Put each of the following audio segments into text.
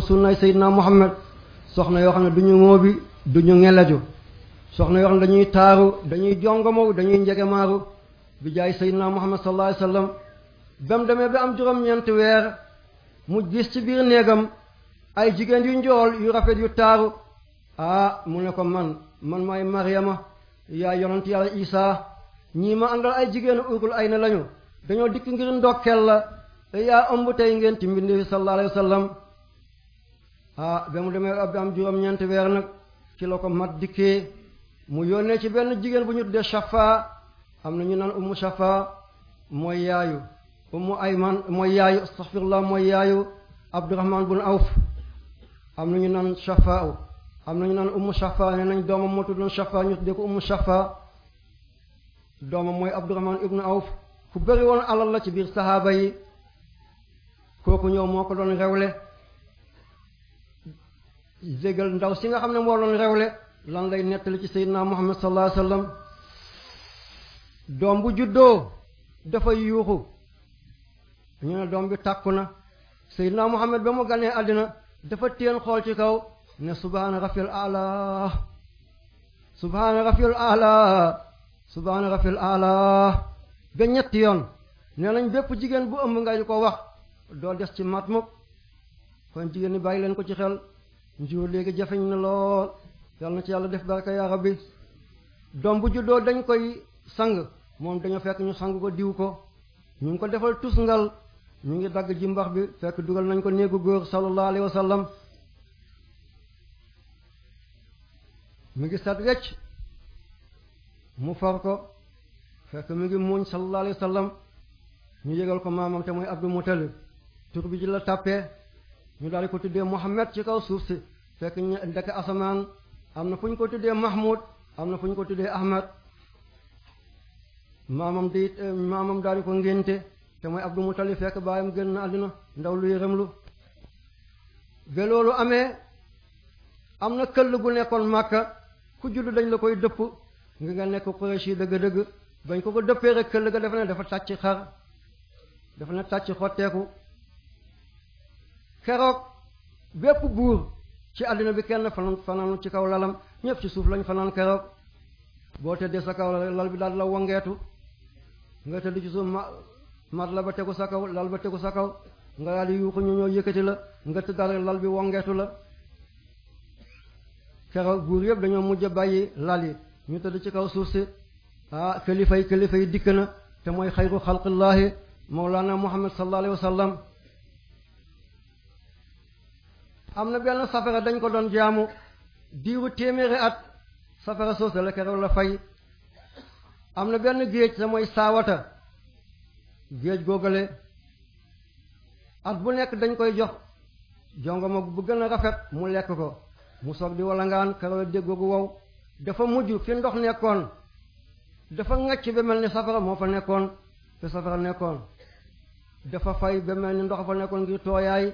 topp sunnaay Seydina Muhammad soxna yoo xam ne du ñu duñu du ñu ŋelaju soxna yoo xam ne dañuy taaru dañuy jongomaw dañuy njegemaaru bi jaay Seydina Muhammad sallallahu alayhi wasallam ba mu demee am juróom-ñeenti weer mu gis ci biir néegam ay jigéen yu njool yu rafet yu taaru ah mu ne ko man man maay Maryama yaa yonent yàlla Isaa ñii ma àndal ay jigéenu urul ay na lañu dañoo dikk ngir ndokkeel la yaa ëmb tey ngeen ci mbindi sallallahu alayhi wasallam ah ba mu demee ab am juróom-ñeenti weer nag ci la ko mat dikkee mu yónnee ci benn jigéen bu ñu tuddee Safa am na ñu naan ummu Safa mooy yaayu ummu Ayman mooy yaayu astaghfirullah mooy yaayu Abdurrahman bun Awf am na ñu naan Safa am na ñu naan ummu Safa nee nañ doomam moo tuddoon Safa ñu tuddee ko ummu Safa doomam mooy Abdurrahman ibnu Awf ku bëri woon alal la ci biir sahaaba yi kooku ñëw moo ko doon rewle jégal ndaw si nga xam ne moo doon rewle lan lay nettali ci seydinaa muhammad sallallahu alayhi wasallam doom bu juddoo dafa yuuxu ñu ne doom bi tàkku na seydinaa muhammad ba mu ganee àddina dafa téen xool ci kaw ne subhaana rafil ala subhaana rafil ala subhaana rafil ba ñetti yoon nee nañ bépp jigéen bu ëmb nga di ko wax doo des ci mat mukk kon jigéen ñi bàyyi leen ko ci xel njur léegi jafeñ na lool yàlla na ci yàlla def barka yaa rabbi doom bu juddoo dañ koy sang moom dañoo fekk ñu sang ko diw ko ñu ngi ko defal tusngal ñu ngi dagg jimbax bi fekk dugal nañ ko néegu góor sallallahu alayhi wa sallam mu ngi sat wecc mu for ko fekk mu ngi muuñ sallallahu alayhi wa sallam ñu yëgal ko maamam te mooy Abdul Muttalib tur bi ji la tàppee ñu daal di ko tuddee Muhammad ci kaw suuf si fekk ñu ndeke asamaan am na fu ñu ko tuddee Mahmoud am na fu ñu ko tuddee Ahmad maamam di maamam daal di ko ngénte te mooy Abdou Muttalib fekk baayam génn na àddina ndaw lu yërëmlu ba loolu amee am na këll gu nekkoon Makka ku judd dañ la koy dëpp ngi nga nekk Qurayshi dëgg-dëgg bañ ko ko dëppee rek këll ga dafa ne dafa tàcc xar dafa ne tàcc xotteeku keroog bépp buur ci àddina bi kenn fanaan fanaan ci kaw lalam ñëpp ci suuf lañ fanaan keroog boo tëddee sa kaw lal bi daal la wongeetu nga tëdd ci suuf ma mat la ba tegu sa kaw lal ba tegu sa kaw nga daal di yuuxu ñu ñoo yëkkati la nga tëddaal lal bi wongeetu la keroog buur yëpp dañoo mujj bàyyi lal yi ñu tëdd ci kaw suuf si ah kilifa yi kilifa yi dikk na te mooy xayru xalqillaahi mawlaana muhammad sallallahu alayhi wa sallam am na benn safara dañ ko doon jaamu diiru téeméeri at safara soosa la keroog la fay am na benn géej te mooy saawata géej googale at bu nekk dañ koy jox jongoma bu gën a rafet mu lekk ko mu soog di walangaan keroog la déggoo gu wow dafa mujj fi ndox nekkoon dafa ŋacc ba mel ni safara moo fa nekkoon fi safara nekkoon dafa fay ba mel ni ndox fa nekkoon ngir tooyaay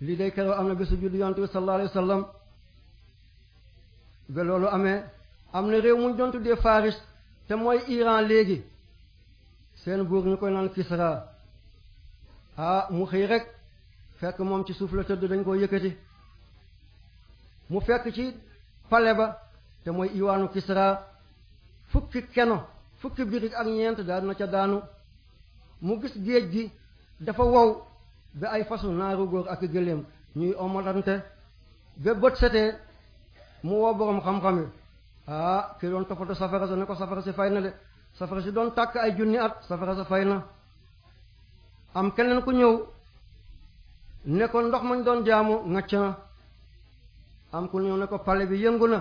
lii dey keroog am na bésu juddu yonent bi sallallahu alayhi wa sallam loolu amee am na réew mu ñu doon tuddee Faris te mooy Iran léegi seen buur ñu koy naan Kisra ah mu xëy rek fekk moom ci suuf la tëdd dañ koo yëkkati mu fekk ci pale ba te mooy iwaanu Kisra fukki keno fukki birig ak ñeent daal na ca daanu mu gis géej gi dafa wow ba ay façon naaru góor ak gëléem ñuy omalante ba bët setee mu woo boroom xam-xam yi ah ki doon toppatoo safara sa ne ko safara si fay na de safara si doon tàkk ay junni at safara sa fay na am keneen ku ñëw ne ko ndox mañ doon jaamu ngacc na am ku ñëw ne ko pale bi yëngu na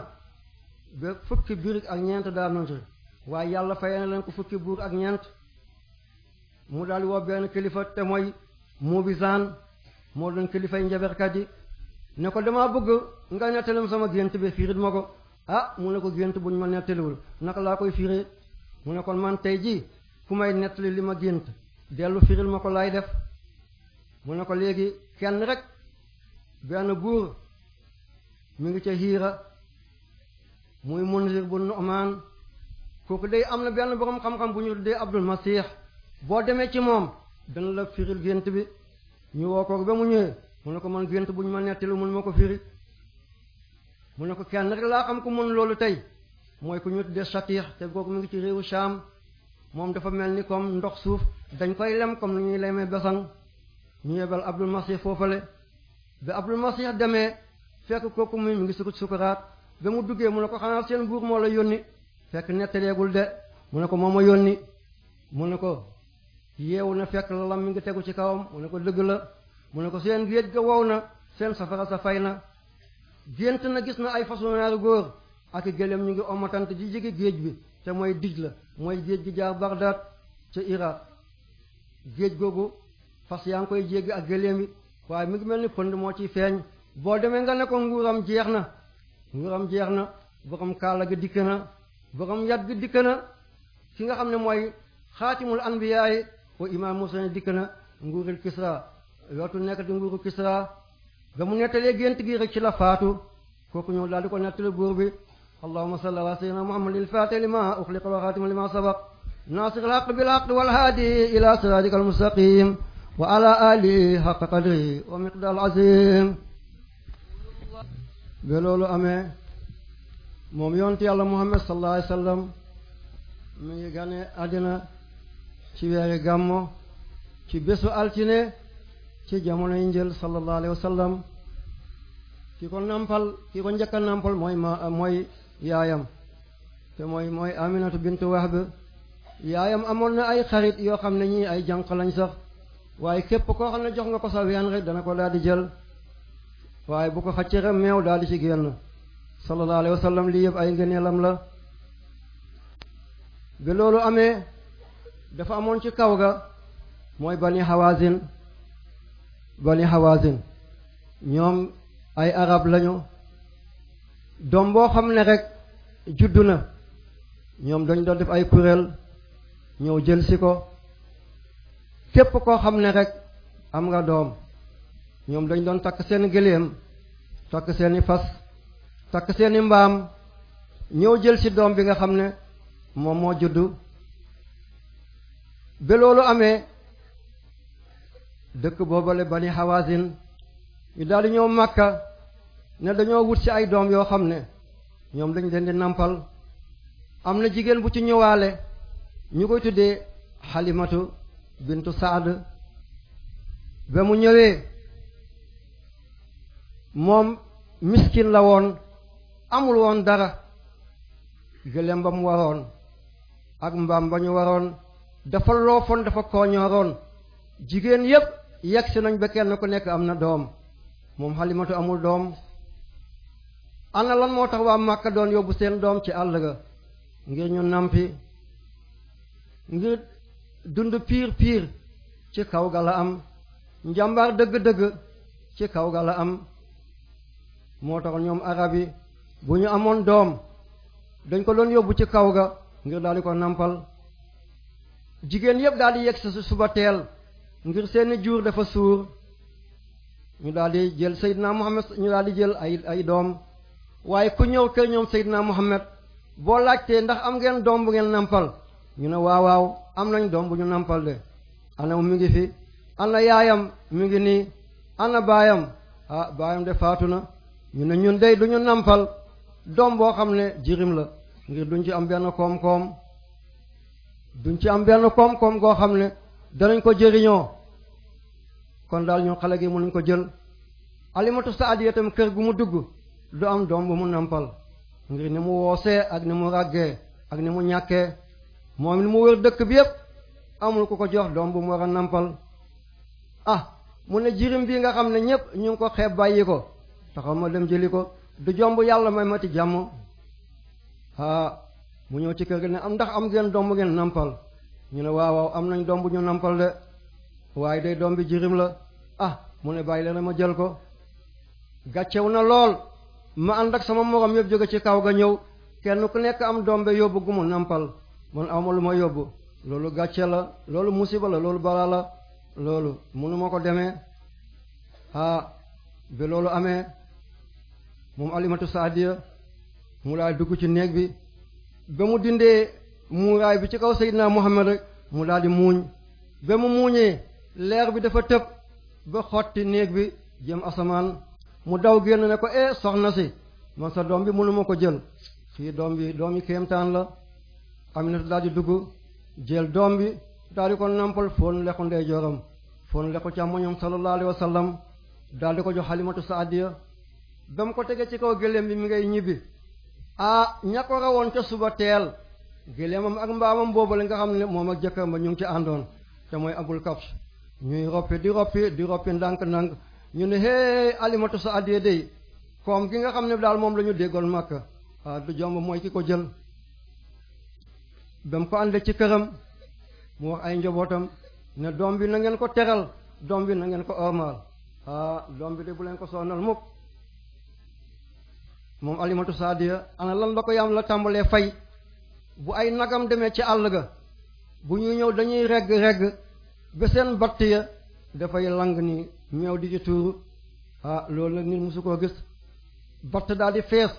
ba fukki biir ak ñeent daanoon ci waaye yàlla fay na leen ko fukki buur ak ñeent mu daal woo benn kilifa te mooy muubisaan moo doon kilifay njaberkat yi ne ko damaa bëgg nga nettalam sama gént bi fiirit ma ko ah mu ne ko gént bu buñ ma nettaliwul naka laa koy firee mu ne kon man tey jii ku may nettali li ma gént dellu firil ma ko laay def mu ne ko léegi kenn rek benn buur mu ngi ca hiira muy Munzir bu Nu'maan kooku day am na benn borom xam-xam bu ñu tuddee Abdul Masiix boo demee ci moom dana la firil gént bi ñu woo ko ba mu ñëwee mu ne ko man gént bu buñ ma nettali mun ma ko firi mu ne ko kenn rek laa xam ko mun loolu tey mooy ku ñu tuddee satir te kooku mu ngi ci réewu Saam moom dafa mel ni comme ndox suuf dañ koy lem comme ni ñuy lemee besang ñu yebal Abdul Masih foofale ba Abdul Masih demee fekk kooku mu ngi sukut sukuraat ba mu duggee mu ne ko xanaa seen buur moo la yónni fekk nettaleegul de mu ne ko moom a yónni mu ne ko yeewu na fekk lalam mi ngi tegu ci kawam mu ne ko dëgg la mu ne ko seen géej ga wow na seen safara sa fay na gént na gis na ay façon ñaari góor ak gëléem ñu ngi omatant ji jege géej bi te mooy dij la mooy géej gi jaar Bagdad ca Irak géej googu fas yaa ngi koy jéggi ak gëléem yi waaye mi ngi mel ni pënd moo ci feeñ boo demee nga ne ko nguuram jeex na nguuram jeex na borom kaala gi dikk na borom yat gi dikk na ki nga xam ne mooy xaatimul anbiyaay wa imaam Muusaa ne dikk na nguuril Kisra lootul nekkati nguuru Kisra ba mu nettalee gént gi rek ci la faatu kooku ñëw daal di ko nettali buur bi allahumma salli ala sayyidina muhammadil faatih lima uxliqa wa xaatima lima sabaq naasiril haqq bil haqq wal haadi ila siraatikal mustaqim wa ala alihi haqqa qadri wa miqdaaril azim ba loolu amee moom yonent yàlla Muhammad sallallahu alayhi wa sallam mi ngi gane àddina ci weeri gàmmo ci bésu altine ci jamono yi njël sallallahu alayhi wa sallam ki ko nampal ki ko njëkka nampal mooy ma mooy yaayam te mooy mooy aminatu bint wahb yaayam amoon na ay xarit yoo xam ne ñii ay jànq lañ sax waaye képp koo xam ne jox nga ko sa ween dana ko daal di jël waaye bu ko xaccere meew daal di ci génn sallallahu alayhi wa lii yëpp ay ngëneelam la bi loolu amee dafa amoon ci kaw ga mooy bani hawazin bani hawazin ñoom ay arab lañu doom boo xam ne rek juddu na ñoom dañ doon def ay kuréel ñëw jël si ko képp koo xam ne rek am nga doom ñoom dañ doon takk seen gëléem takk seeni fas takk seeni mbaam ñëw jël si doom bi nga xam ne moom moo juddu ba loolu amee dëkk boobale bani hawazin ñu daal di ñëw Makka ne dañoo wut ci ay doom yoo xam ne ñoom dañ leen di nampal am na jigéen bu ci ñëwaale ñu koy tuddee Halimatu bintu Saad ba mu ñëwee moom miskin la woon amul woon dara gëléem ba mu waroon ak mbaam ba ñu waroon dafa loofoon dafa kooñooroon jigéen yépp yegsi nañ ba kenn ku nekk am na doom moom xalimatu amul doom ana lan moo tax waa Màkka doon yóbbu seen doom ci àll ga ngir ñu nampi ngir dund piir piir ci kaw ga la am njàmbaar dëgg-dëgg ci kaw ga la am moo tax ñoom arab yi bu ñu amoon doom dañ ko doon yóbbu ci kaw ga ngir daal ko nàmpal jigéen yëpp daal di yegg sa suba teel ngir seeni jur dafa suur ñu daal di jël Seydina Muhammad ñu daal di jël ay ay doom waaye ku ñëw kër ñoom Seydina Muhammad boo laajtee ndax am ngeen doom bu ngeen nampal ñu ne waaw waaw am nañ doom bu ñu nampal de ana mi ngi fi ana yaayam mu ngi nii ana baayam ah baayam de faatu na ñu ne ñun dey du ñu nampal doom boo xam ne jirim la ngir duñ ci am benn koom-koom duñ ci am benn koom-koom goo xam ne danañ ko jëriñoo kon daal ñun xale gi mënuñ ko jël alimatu saadiya tam kër gu mu dugg du am doom bu mu nampal ngir ni mu woosee ak ni mu ràggee ak ni mu ñàkkee moom ni mu wër dëkk bi yépp amul ku ko jox doom bu mu war nampal ah mu ne jirim bii nga xam ne ñépp ñu ngi ko xeeb bàyyi ko taxaw ma dem jëli ko du jomb yàlla may mati jàmm ah, mu ñëw ci kër gi ne am ndax am ngeen doom bu ngeen nampal ñu ne waaw am nañ doom bu ñu nampal de waaye day doom bi jirim la ah mu ne bàyyi leen ma jël ko gàccew na lool ma ànd ak sama morom yëpp jóge ci kaw ga ñëw kenn ku nekk am doom be yóbbu gu mu nampal man awma lu ma yóbbu loolu gàcce la loolu musiba la loolu balaa la loolu mënu ma ko demee ah bi loolu amee moom alimatu saadiya mu laay dugg ci néeg bi ba mu dindee muuraay bi ci kaw Seydina Muhammad rek mu daal di muuñ ba mu muuñee leer bi dafa tëb ba xotti néeg bi jëm asamaan mu daw génn ne ko eh soxna si man sa doom bi mënuma ko jël fii doom bi doom yi kéemtaan la Aminata daal di dugg jél doom bi daal di ko nampal foon lekku ndeyjooram foon lekku càmmoñam sallallahu alayhi wa sallam daal di ko jox Halimatu Saadiya ba mu ko tegee ci kaw gëléem bi mi ngay ñibbi ah ña ko rawoon ca suba teel géléemam ak mbaamam boobale nga xam ne moom ak jëkkër ma ñu ngi ci àndoon te mooy abul kabs ñuy roppi di roppi di roppi ndànk-ndànk ñu ne hey alimatu sa addee day koom gi nga xam ne daal moom lañu déggoon màkk ah du jomb mooy ki ko jël ba ko àndee ci këram mu wax ay njabootam ne doom bi na ngeen ko teral doom bi na ngeen ko ormaal doom bi de bu leen ko sonal mukk moom alimatu saadiya ana lan la ko yam la tàmbalee fay bu ay nagam demee ci àll ga bu ñuy ñëw dañuy regg regg ba seen batt ya dafay lang ni ñëw di ci tuuru ah loolu nag nit musu koo gis batt daal di fees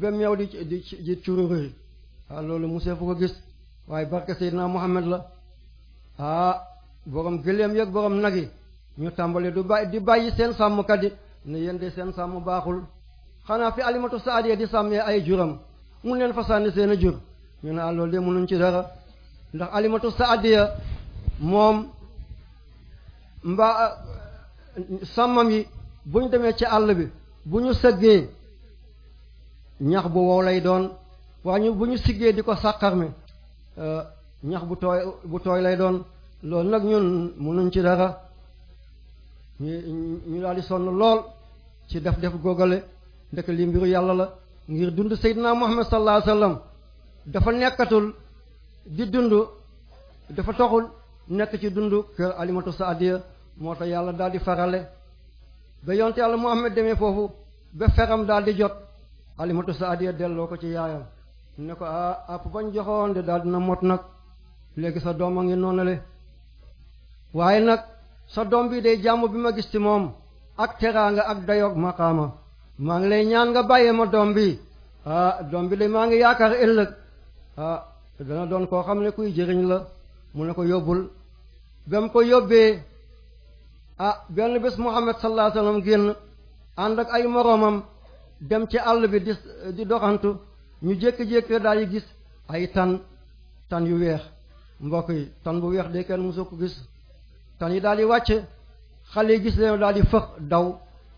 ba meew di ci di cururëri ah loolu mosee fu ko gis waaye barke Seydina Muhammad la ah borom gëléem yeeg borom nag yi ñu tàmbale du bàyyi di bàyyi seen sàmmkat yi ne yéen de seen sàmm baaxul xanaa fi alimatu saadiya di sàmmee ay juram mun leen fa sànni seen a jur ñu ne ah, loolu de mënuñ ci dara ndax alimatu saadiya moom mbaa sàmmam yi bu ñu demee ci àll bi bu ñu sëggee ñax bu wow lay doon waa ñu bu ñu siggee di ko sàqar mi eh, ñax bu tooy bu tooy lay doon loolu nag ñun mënuñ ci dara ñu daal di sonn lool ci def def góogale ndek li mbiru yàlla la ngir dund Seydina Muhammad sallallahu alayhi wasallam dafa nekkatul di dund dafa toxul nekk ci dund kër alimatu saadiya moo tax yàlla daal di farale ba yonte yàlla Muhammad demee foofu ba feram daal di jot alimatu saadiya delloo ko ci yaayam ne ko a ah, àpp bañ joxoon de daal dina mot nag léegi sa doom a ngi noonale waaye nag sa doom bi day jàmm bi ma gis ci moom ak teraanga ak dayoog maqaama maa ngi lay ñaan nga bàyyee ma doom bi ah doom bi de maa ngi yaakaar ëllëg ah dana doon koo xam ne kuy jëriñ la mu ne ko yóbbul ba mu ko yóbbee ah benn bés Muhammad sallallahu alayhi wasallam génn ànd ak ay moroomam dem ci àll bi di doxantu ñu jékki-jékki daal di gis ay tan tan yu weex mbokk yi tan bu weex de kenn mësu ko gis tan yi daal di wàcc xale yi gis leen daal di fëx daw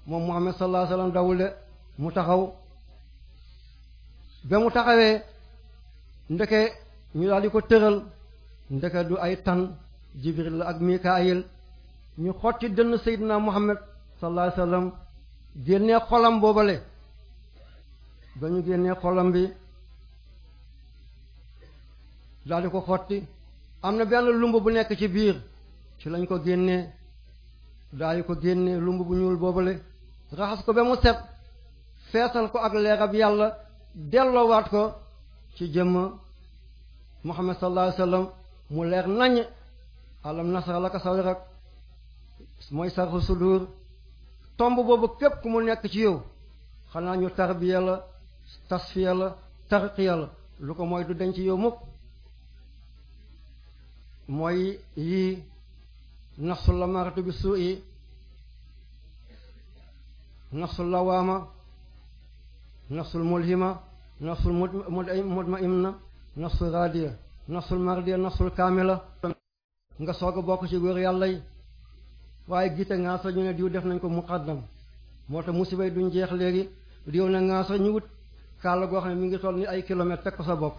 moom Muhammad sallallahu alayhi wasallam dawul de mu taxaw ba mu taxawee ndeke ñu daal di ko tëral ndeke du ay tan la ak Mikaayil ñu xotti dënn Seydina Muhammad sallallahu alayhi wasallam génnee xolam boobale dañu ñu génnee xolam bi daal ko xotti am na benn lumb bu nekk ci biir ci lañ ko génnee daal di ko génnee lumb bu ñuul boobale raxas ko ba mu set feesal ko ak leerab yàlla delloowaat ko ci jëmm Muhammad sallallahu alayhi wasallam mu leer naññ alam nasara laka sawrak mooy sarxu sudur tomb boobu képp ku mu nekk ci yow xanaa ñu tarbiya la tasfiya la tarqiya la lu ko mooy du denc yow mukk mooy yii nafsul la maratu bi suu nafsul lawaama nafsul mulhima nafsul mutma'inna nafsul raadiya nafsul mardiya nafsul kaamila nga soog a bokk ci góor yàlla yi waaye gite ngaasa ñu ne diw def nañ ko muqaddam moo tax musibay duñ jeex léegi diw ne ngaasa ñu wut kaala goo xam ne mi ngi toll ni ay kilomètre teg ko sa bopp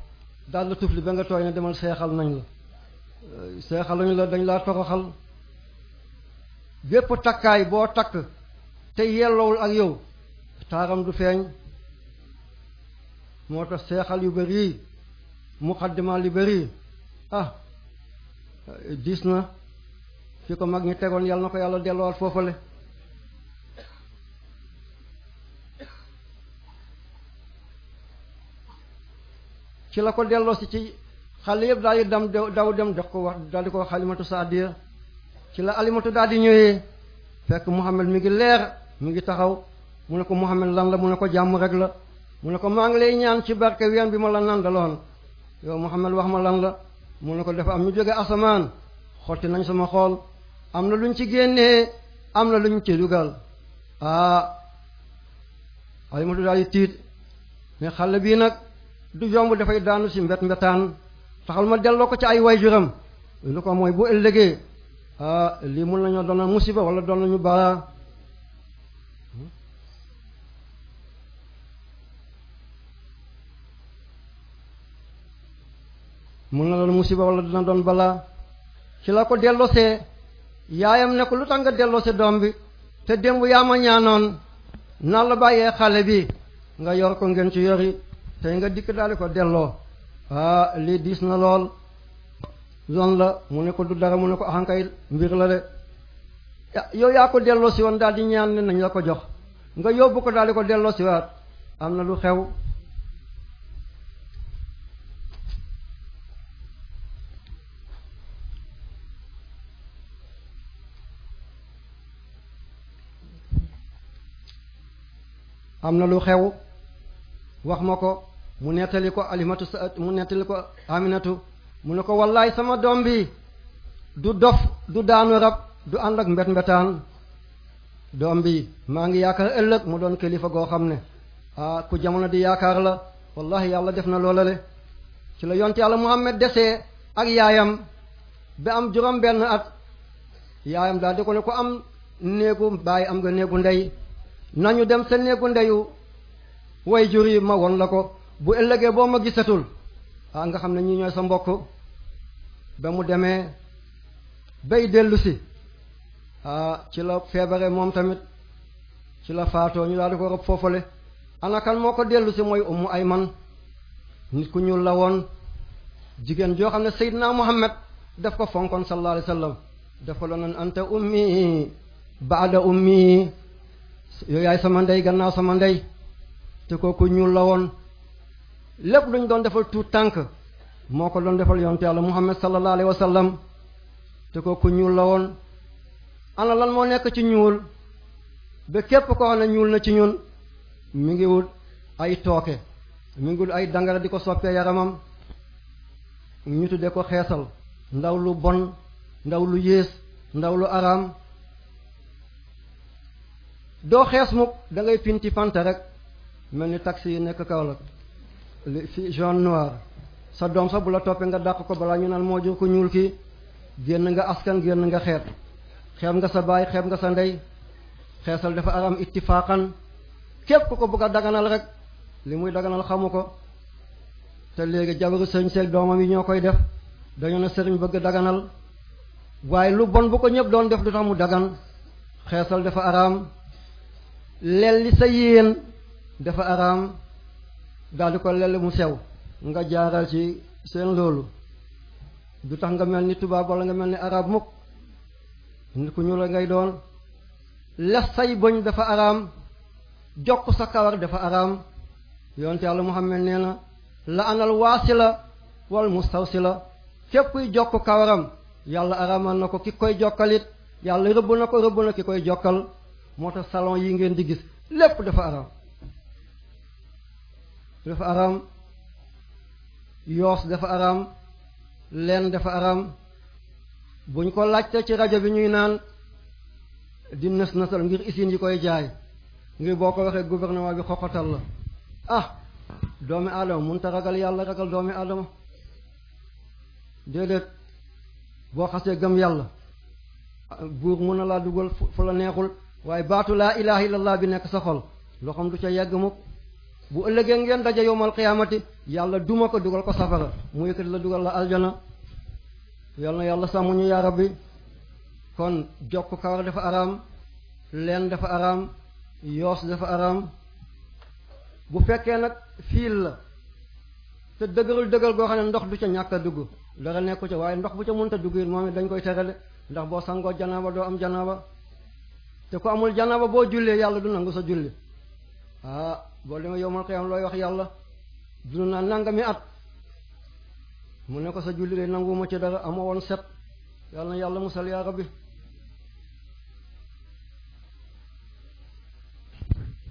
daal la tufli ba nga tooy ne demal seexal nañ la seexal nañ la dañ laa toroxal bépp takkaay boo takk te yellowul ak yow taaram du feeñ moo tax seexal yu bëri muqaddimaal yu bëri ah diis na fi ko mag ñi tegoon yàlla na ko yàlla delluwaat foofale ci la ko delloo si ci xale yëpp daal di dem daw dem jox ko wax daal di ko wax alimatu saadiya ci la alimatu daal di ñëwee fekk Muhammad mi ngi leer mu ngi taxaw mu ne ko Muhammad lan la mu ne ko jàmm rek la mu ne ko maa ngi lay ñaan ci barke ween bi ma la nandaloon yow Muhammad wax ma lan la mu ne ko dafa am ñu jóge asamaan xotti nañ sama xool am na luñ ci génnee am na luñ ci dugal ah waaye ma daal di tiit mais xale bii nag du yomb dafay daanu si mbet mbetaan taxal ma delloo ko ci ay juram lu ko mooy bu ëllëgee ah, lii mun nañoo doon musiba wala doon nañu balaa mun na doon musiba wala dina doon balaa ci la ko delloosee yaayam ne ko lu tax nga delloose doom bi te démb yaa ma ñaanoon naa la bàyyee xale bi nga yor ko ngeen ci yi tey nga dikk daal ko delloo ah lii diis na lool loon la mu ne ko du dara mu ne ko axankay ah, mbir la de yow yaa ko delloo si woon daal di ñaan ne nañ la ko jox nga yóbbu ko daal ko delloo si waat am na lu xew am na lu xew wax ma ko mu nettali ko alimatu sa mu nettali ko aminatu mu ne ko wallaay sama doom bi du dof du daanu rab du ànd ak mbet mbetaan doom bi maa ngi yaakaar ëllëg mu doon kilifa goo xam ne ah ku jamono di yaakaar la wallahi yàlla def na loolale ci la yont yàlla Muhammad desee ak yaayam ba am juróom benn at yaayam daal di ko ne ko am néegu bàyyi am nga néegu ndey nañu dem sa néegu ndeyu way jur yi ma won la ko bu ëllëgee boo ma gisatul ah nga xam ne ñi ñooy sa mbokk ba mu demee bay dellusi ah, ci la feebare moom tamit ci la faatoo ñu daal di ko rob foofale ana moo ko dellu si mooy ay man nit ku ñuul la woon jigéen joo xam ne seydinaa muhammad def ko fonkoon sallallahu alayhi wasallam daf ko doon anta ummi baada ummi yow yaay sama ndey gannaaw sama ndey te kooku ñuul la woon lépp lu ñu doon defal tuut tànk moo ko doon defal yonte yàlla Muhammad sallallahu alayhi wa sallam te kooku ñuul la woon ana lan moo nekk ci ñuul ba képp koo xam ne ñuul na ci ñun mi ngi wut ay tooke mu ngi wut ay dangara di ko soppee yaramam mu ñu tudde ko xeesal ndaw lu bon ndaw lu yées ndaw lu araam doo xees mukk dangay ngay pinti panta rek mel ni taxi yi nekk kaw la fi jaune noir sa doom sax bu la toppee nga dàq ko balaa ñu naan moo jur ko ñuul ki génn nga askan génn nga xeet xeeb nga sa baay xeeb nga sa ndey xeesal dafa aram ittifaaqan képp ko ko bëgg a daganal rek li muy daganal xamu ko te léegi jabaru sëñ seeg doomam yi ñoo koy def dañoo ne sëriñ bëgg daganal waaye lu bon bu ko ñëpp doon def du tax mu dagan xeesal dafa araam lelli sa yéen dafa araam daal ko lelli mu sew nga jaaral ci seen loolu du tax nga mel ni tubaab wala nga mel ni arab mukk nit ku ñuul ngay doon les say bëñ dafa araam jokk sa kawar dafa araam yonte yàlla Muhammad nee na la anal waasila wal la képp kuy jokk kawaram yàlla araamal na ko ki koy jokkalit yàlla rëbb na ko rëbb na ki koy jokkal moo tax salon yi ngeen di gis lépp dafa araam dafa araam yoos dafa araam leen dafa araam buñ ko laajtee ci rajo bi ñuy naan di nës nasal ngir usines yi koy jaay ngir boo ko waxee gouvernement bi xoxotal la ah doomi aadama mun ta ragal yàlla ragal doomi aadama déedéet boo xasee gëm yàlla buur mun na laa dugal fu la neexul waaye baatu laa ilaha illallah bi nekk sa xol loo xam du ca yegg mukk bu ëllëgee ngeen daje yowmal qiyaamati yàlla duma ko dugal ko safara mu yëkkati la dugal la aljana yal na yàlla sàmmuñu yaa rabbi kon jokk kawar dafa araam leen dafa araam yoos dafa araam bu fekkee nag fiil la te dëgërul dëgër goo xam ne ndox du ca ñàkk a dugg dara nekku ca waaye ndox bu ca mënta dugg it moom it dañ koy terale ndax boo sangoo janaaba doo am janaaba te ko amul janaba boo jullee yàlla du nangu sa julli ah boo demee yow mal looy wax yàlla dund naa nangami at mu ne ko sa julli de nanguwuma ci dara ama woon set yàlla yàlla musal yaa rabbi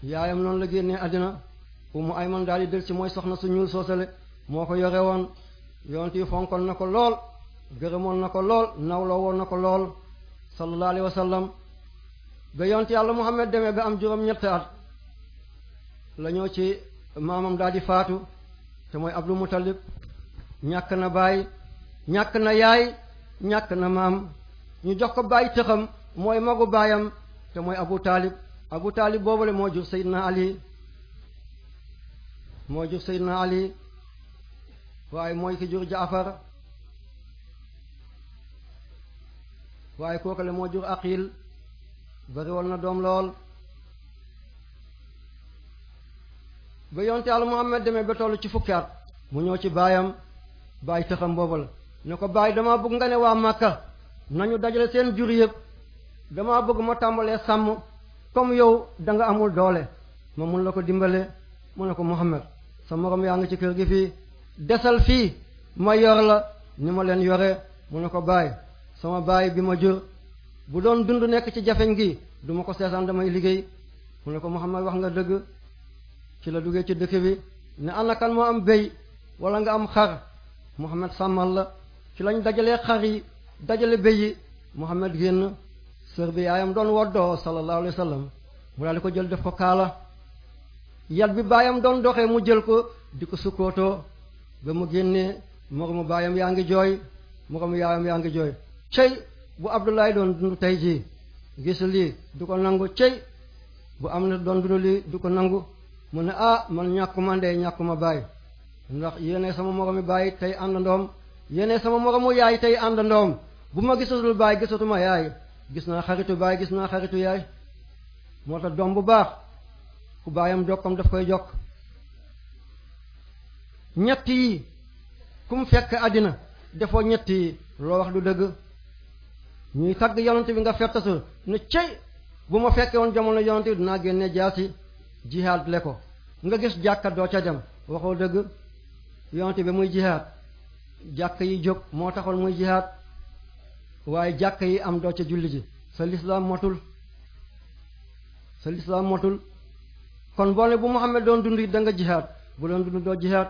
yaayam noonu la génnee àddina ay ayman daal di del ci mooy soxna su ñuul soosale moo ko yore woon yonent yi fonkoon na ko lool gërëmoon na ko lool nawloo woon na ko lool sallallahu alayhi wa ba yonent yàlla Muhammad demee ba am juróom ñetti at la ci maamam daal di faatu te mooy Abdul Muttalib ñàkk na baay ñàkk na yaay ñàkk na maam ñu jox ko baay tëxam mooy magu baayam te mooy Abu Taalib Abu Taalib boobule moo jur Seydina Ali moo jur Seydina Ali waaye mooy ki jur Jaafar waaye kookale moo jur Aqil bari woon na doom lool ba yonte yàlla Muhammad demee ba toll ci fukki at mu ñëw ci baayam baay taxam boobu la ne ko baay dama bëgg nga ne waa Makka nañu dajale seen jur yépp dama bëgg ma tàmbalee sàmm comme yow danga amul doole ma mun la ko dimbale mu ne ko Muhammad sa morom yaa ngi ci kër gi fii desal fii ma yor la ni ma leen yore mu ne ko baay sama baay bi ma jur bu doon dund nekk ci jafeñ gi du ma ko seetaan damay liggéey mu ne ko Muhammad wax nga dëgg ci la duggee ci dëkk bi ne ana kan moo am béy wala nga am xar Muhammad sàmmal la ci lañ dajalee xar yi dajale béy yi Muhammad génn sër bi yaayam doon woddoo sallallahu alayhi wa sallam mu daal di ko jël def ko kaala yat bi baayam doon doxee mu jël ko di ko sukkootoo ba mu génnee moromu baayam yaa ngi jooy moromu yaayam yaa ngi jooy cey bu Abdoulaye doon dund tey jii gis lii du ko nangu cey bu am na doon dund lii du ko nangu mu ne ah man ñàkkuma ndey ñàkkuma baay ndax yéene sama moromi baay tey àndandoom yéene sama moromu yaay tey àndandoom bu ma gisatul baay gisatuma yaay gis naa xaritu baay gis naa xaritu yaay moo tax doom bu baax ku baayam jokkam daf koy jokk ñetti yi ku mu fekk àddina defoo ñetti yi loo wax du dëgg ñuy tagg yonante bi nga fettasu ne cey bu ma fekkee woon jamono yonante bi dinaa génne jaasi jihaad ko nga gis jàkka doo ca dem waxoo dëgg yonante bi muy jihaad jàkk yi jóg moo taxoon muy jihaad waaye jàkk yi am doo ca julli ji sa lislaam motul sa lislaam motul kon boo bu bu Muhammad doon dund da nga jihaad bu doon dund doo jihaad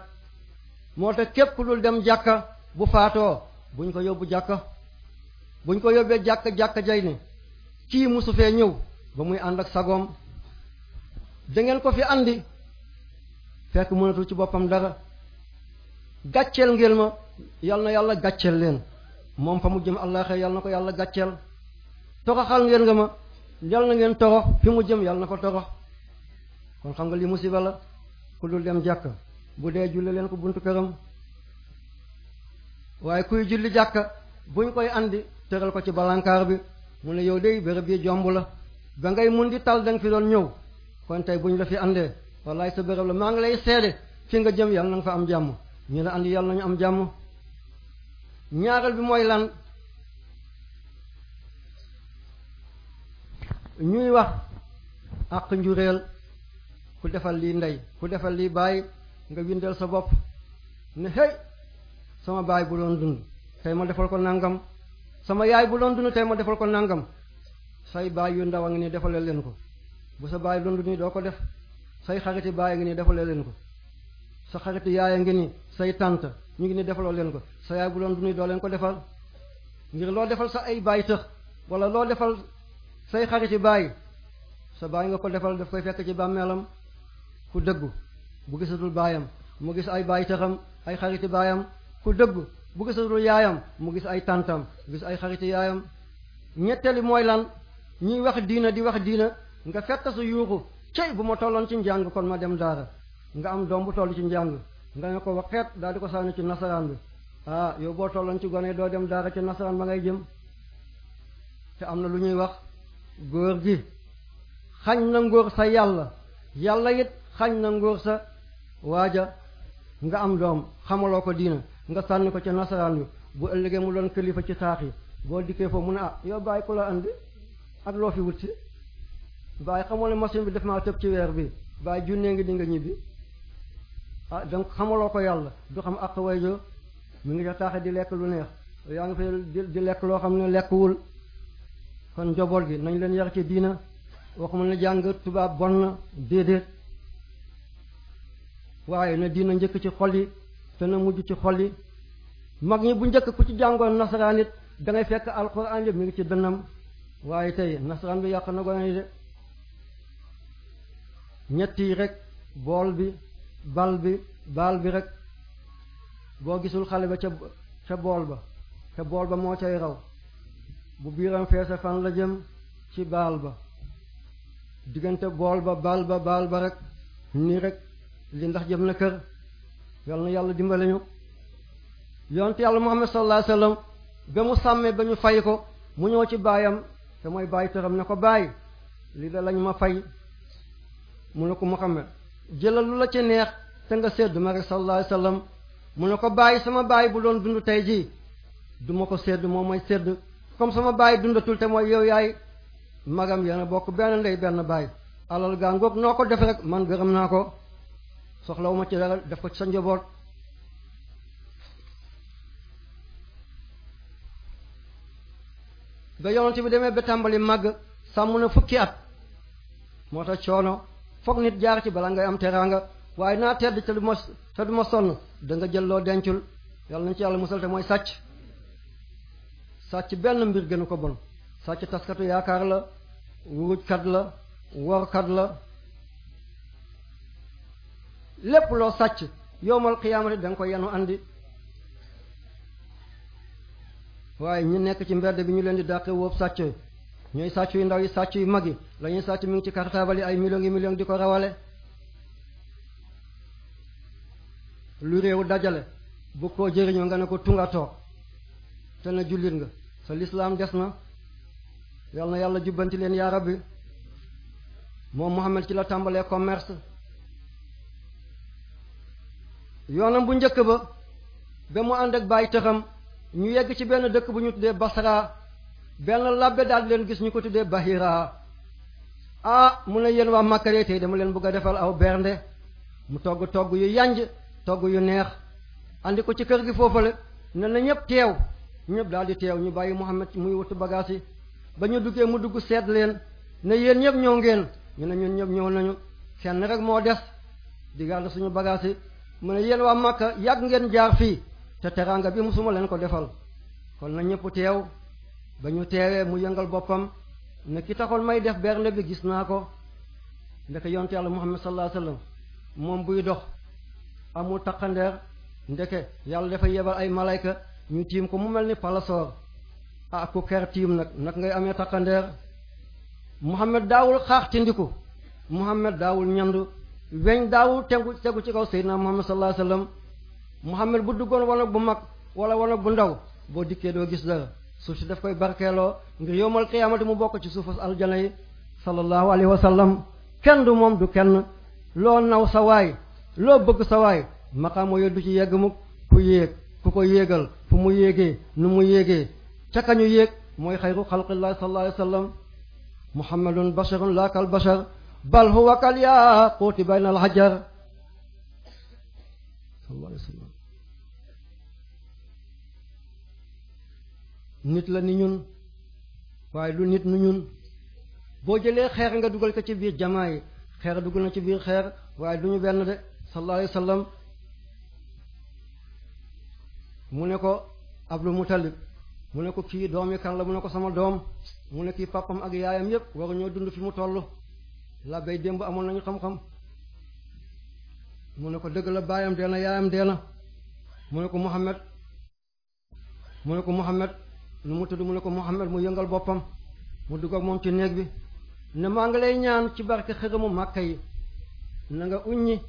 moo tax képp ku dul dem jàkka bu faatoo buñ ko yóbbu jàkka buñ ko yóbbee jàkk jàkk jay ne kii musu fee ñëw ba muy ànd ak sagoom dangeen ko fi andi fekk mënatul ci boppam dara gàcceel ngeen ma yal na yàlla gàcceel leen moom fa mu jëm àllaaxe yal na ko yàlla gàcceel toroxal ngeen nga ma yal na ngeen torox fi mu jëm yal na ko torox kon xam nga li musiba la ku dul dem jàkk bu dee julli leen ko buntu këram waaye kuy julli jàkk buñ koy andi tëral ko ci balankaar bi mu ne yow dey bërëb yi jomb la ba ngay mun di tal danga fi doon ñëw kon tey bu ñu la fi andee wallaay sa bërëb la maa ngi lay seede fi nga jëm yàlla na nga fa am jàmm ñu la andi yàlla nañu am jàmm ñaareel bi mooy lan ñuy wax ak njureel ku defal lii ndey ku defal lii baay nga windeel sa bopp ne hey sama baay bu doon dund tey ma defal ko nangam sama yaay bu doon dund tey ma defal ko nangam say baay yu ndaw a ngi nii defalee leen ko bu sa baay doon du nii doo ko def say xariti baay a ngi nii defalee leen ko sa xariti yaay a ngi ni say tànt ñu ngi nii defaloo leen ko sa yaay bu doon dund nii doo leen ko defal ngir loo defal sa ay baay tëx wala loo defal say xariti baay sa baay nga ko defal daf koy fekk ci bàmmeelam ku dëggu bu gisatul baayam mu gis ay baay tëxam ay xariti baayam ku dëggu bu gisatul yaayam mu gis ay tantam gis ay xariti yaayam ñetteeli mooy lan ñuy wax diina di wax diina nga fetta su yuuxu cey bu ma tolloon ci njàng kon ma dem daara nga am doom bu tollu ci njàng nga ne ko waxeet daal di ko sànni ci nasaraan bi ah yow boo tolloon ci gone doo dem daara ci nasaraan ba ngay jëm te am na lu ñuy wax góor gi xañ na ngóor sa yàlla yàlla yit xañ na ngóor sa waaja nga am doom xamaloo ko diina nga sànni ko ca nasaraan yi bu ëllëgee mu doon kilifa ci taax yi boo dikkee foofu mu ne ah yow bàyyi ko la andi ak loo fi wut si bàyyi xamoo ne machine bi def maa tëb ci weer bi bàyyi junnee ngi di nga ñibbi ah donc xamaloo ko yàlla du xam ak wayjo mu ngi ca taaxi di lekk lu neex yaa ngi fi di lekk loo xam ne lekkwul kon njaboot gi nañ leen yar ci diina waxuma ne jàng tubaab bon na déedéet waaye na diina njëkk ci xol yi te na mujj ci xol yi mag ñi bu njëkk ku ci jàngoon nasaraan it da fekk alxuraan yëpp mi ngi ci dënnam waaye tey nasaraan bi yàq na gone yi de ñett yi rek bool bi bal bi baal bi rekk boo gisul xale ba ca bool ba te bool ba moo cay raw bu biiram feese fan la jëm ci baal ba diggante bool ba baal ba baal ba rek nii rek li ndax jëm na kër yal na yàlla dimbale ñu yonent yàlla Muhammad sallallahu alayhi wasallam ba mu sàmmee ba ñu fay ko mu ñëw ci baayam te mooy bàyyi tëram ne ko bàyyi lii de lañ ma fay mu ne ko Muhammad jëlal lu la ci neex te nga sedd ma rek sallallahu alayhi mu ne ko bàyyi sama baay bu doon dund tey jii du ma ko sedd moom mooy sedd comme sama baay dundatul te mooy yow yaay magam yéen a bokk benn ndey benn baay alal gaa ngoog noo ko def rek man gërëm naa ko soxlawu ma ci dara def ko ci sa njaboot ba yonent bi demee ba tàmbali màgg sàmm na fukki at moo tax coono foog nit jaar ci bala ngay am teraanga waaye naa tedd te du ma te du ma sonn da jël loo dencul yàlla nañ ci yàlla musal te mooy sàcc sàcc benn mbir gënu ko bon sàcc taskatu yaakaar la wuruj kat la workat la lépp loo sàcc yowmal xiyaamati da nga ko yenu andi waaye ñu nekk ci mbedd bi ñu leen di dàqe wóob sàcc ñooy sàcc yu ndaw yi sàcc yu mag yi lañuy ñuy sàcc mi ngi ci kartaabal yi ay millions yi millions di ko rawale lu réew dajale bu ko jëriñoo nga ne ko tunga toog te na jullit nga sa lislaam des na yal na yàlla jubbanti leen yaa bi moom Muhammad ci la tàmbalee commerce yoonam bu njëkk ba ba mu ànd ak bàyyi tëxam ñu yegg ci benn dëkk bu ñu tuddee Basra benn labbe daal leen gis ñu ko tuddee Bahira ah mu ne yéen waa Makka tey dama leen bëgg a defal aw bernde mu togg togg yu yànj togg yu neex andi ko ci kër gi foofu la ne na ñëpp teew ñëpp daal di teew ñu bàyyi Muhammad muy wutu bagaas yi ba ñu duggee mu dugg seet leen ne yéen ñëpp ñëw ngeen ñu ne ñun ñëpp ñëw nañu kenn rek moo des di garde suñu bagaas yi mu ne waa Makka yàgg ngeen jaar fii te teraanga bi musuma leen ko defal kon na ñëpp teew ba ñu teewee mu yëngal boppam ne ki taxoon may def bernde bi gis naa ko ndeke yonte yàlla Muhammad sallallahu alayhi wasallam moom buy dox amul taqandeer ndeke yàlla dafa yebal ay malayka ñu tiim ko mu mel ni palasoor ah ku ker tiim nag nag ngay amee taqandeer Muhammad daawul xaaxtindiku Muhammad daawul ñandu weñ daawul tengu tegu ci kaw Seydina Muhammad sallallahu alayhi wasallam Muhammad bu duggoon wanag bu mag wala wanag bu ndaw boo dikkee doo gis dara suuf si daf koy barkeeloo ngir yowmal qiyaamati mu bokk ci suufas aljana yi sallallahu alayhi wasallam kenn du moom du kenn loo naw sa waay loo bëgg sa waay maqaamo yo du ci yegg mu ku yéeg ku ko yéegal fu mu yéegee nu mu yéegee ca kañu yéeg mooy xayru xalqillahi sallallahu alayhi wasallam muhammadun basharun laakal bashar bal huwa kal yaquuti bayna al hajar nit la ni ñun waaye lu nit nu ñun boo jëlee xeer nga dugal ko ci biir jamaa yi xeer dugal na ci biir xeer waaye du ñu benn de sallallahu alayhi mu ne ko Abdul Muttalib mu ne ko kii doomi kan la mu ne ko sama doom mu ne kii papam ak yaayam yëpp waru ñoo dund fi mu toll labey démb amoon nañu xam-xam mu ne ko dëgg la baayam deena yaayam na mu ne ko Muhammad mu ne ko Muhammad nu mu tudd mu ne ko Muhammad mu yëngal boppam mu dugg ak moom ci néeg bi ne maa ngi lay ñaan ci barke xërëmu Màkka yi na nga uññi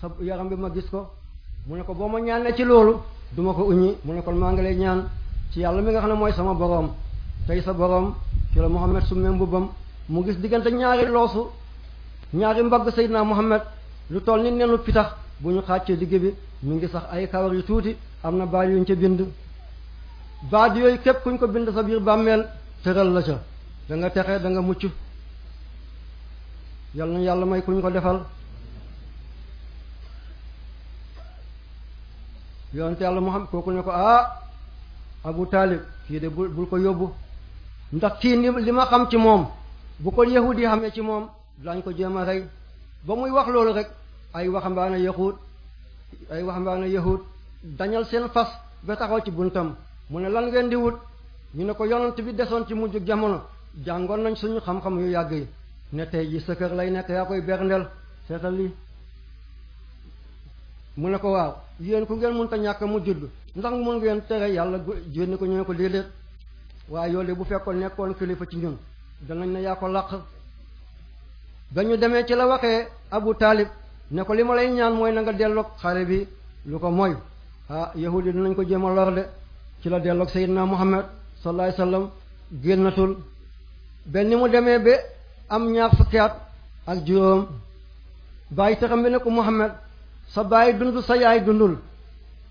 sa yaram bi ma gis ko mu ne ko boo ma ñaanee ci loolu duma ko uññi mu ne kon maa ngi lay ñaan ci yàlla mi nga xam ne mooy sama boroom tey sa boroom ci la Muhammad summee mbubbam mu gis diggante ñaari loosu ñaari mbagg Seydina Muhammad lu toll ni nenu pitax bu ñu xàccee liggéey bi mu ngi sax ay kawar yu tuuti am na baat yuñ ca bind baat yooyu képp kuñ ko bind sa biir bàmmeel tëral la ca danga texe da nga mucc yal na yàlla may kuñ ko defal yonent yàlla Muhammad kooku ne ko ah Abu Taalib kii de bul bul ko yóbbu ndax kii li ma xam ci moom bu ko yahud yi xamee ci moom daañ ko jéem a rey ba muy wax loolu rek ay waxambaane yahud ay waxambaane yahud dañal seen fas ba taxaw ci buntam mu ne lan ngeen di wut ñu ne ko yonent bi desoon ci mujj jamono jàngoon nañ suñu xam-xam yu yàgg yi ne tey ji sa kër lay nekk yaa koy berndeel seetal lii mu ne ko waaw yéen ku ngeen mënta ñàkk mu judd ndax mun ngeen tere yàlla jénni ko ñu ne ko déedéet waaye yoolu bu fekkoon nekkoon kilifa ci ñun danañ ne yaa ko làq ba ñu demee ci la waxee Abu Taalib ne ko li ma lay ñaan mooy na nga delloog xale bi lu ko mooy ah yahud yi dinañ ko jéem a lor de ci la delloog Seydina Muhammad sallallahu alayhi wasallam génnatul benn mu demee ba am ñaar ak juróom bàyyi taxam bi ne ko Muhammad sa baay dund sa yaay dundul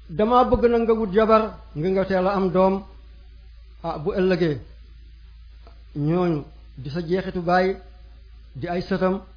damaa bëgg na nga wut jabar nga nga teel am doom ah bu ëllëgee ñooñu di sa jeexitu baay di ay sëtam